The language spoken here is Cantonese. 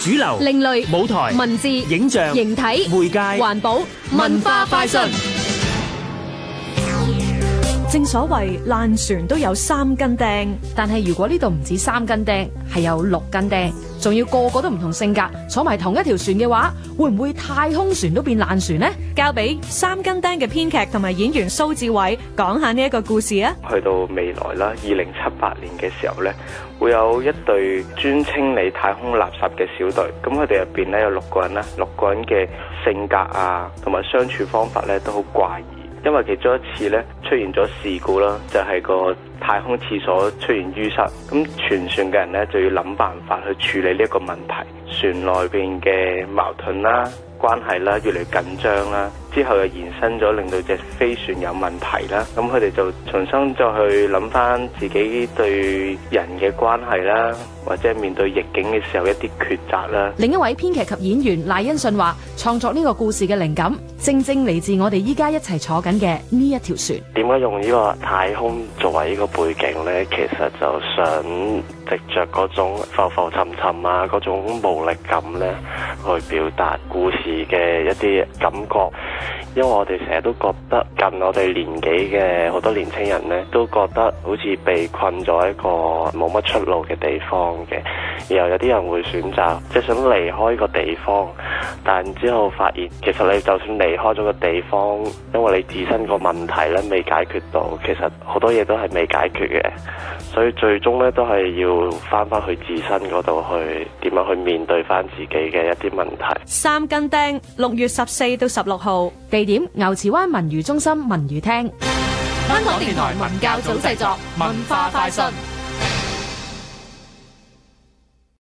主流、另類、舞台、文字、影像、形體、媒介、環保、文化、快訊。正所謂爛船都有三根釘，但係如果呢度唔止三根釘，係有六根釘，仲要個個都唔同性格，坐埋同一條船嘅話，會唔會太空船都變爛船呢？交俾三根釘嘅編劇同埋演員蘇志偉講下呢一個故事啊！去到未來啦，二零七八年嘅時候呢，會有一隊專清理太空垃圾嘅小隊，咁佢哋入邊呢，有六個人啦，六個人嘅性格啊，同埋相處方法呢，都好怪異。因為其中一次咧出現咗事故啦，就係個太空廁所出現淤塞，咁全船嘅人咧就要諗辦法去處理呢一個問題，船內邊嘅矛盾啦。關係啦，越嚟越緊張啦，之後又延伸咗，令到隻飛船有問題啦。咁佢哋就重新再去諗返自己對人嘅關係啦，或者面對逆境嘅時候一啲抉擇啦。另一位編劇及演員賴恩信話，創作呢個故事嘅靈感，正正嚟自我哋依家一齊坐緊嘅呢一條船。點解用呢個太空作為呢個背景呢？其實就想，食着嗰種浮浮沉沉啊，嗰種無力感咧，去表達故事嘅一啲感覺，因為我哋成日都覺得近我哋年紀嘅好多年青人咧，都覺得好似被困咗一個冇乜出路嘅地方嘅。然後有啲人會選擇即係想離開個地方，但之後發現其實你就算離開咗個地方，因為你自身個問題咧未解決到，其實好多嘢都係未解決嘅，所以最終咧都係要翻返去自身嗰度去點樣去面對翻自己嘅一啲問題。三根釘，六月十四到十六號，地點牛池灣文娛中心文娛廳，香港電台文教組製作文化快訊。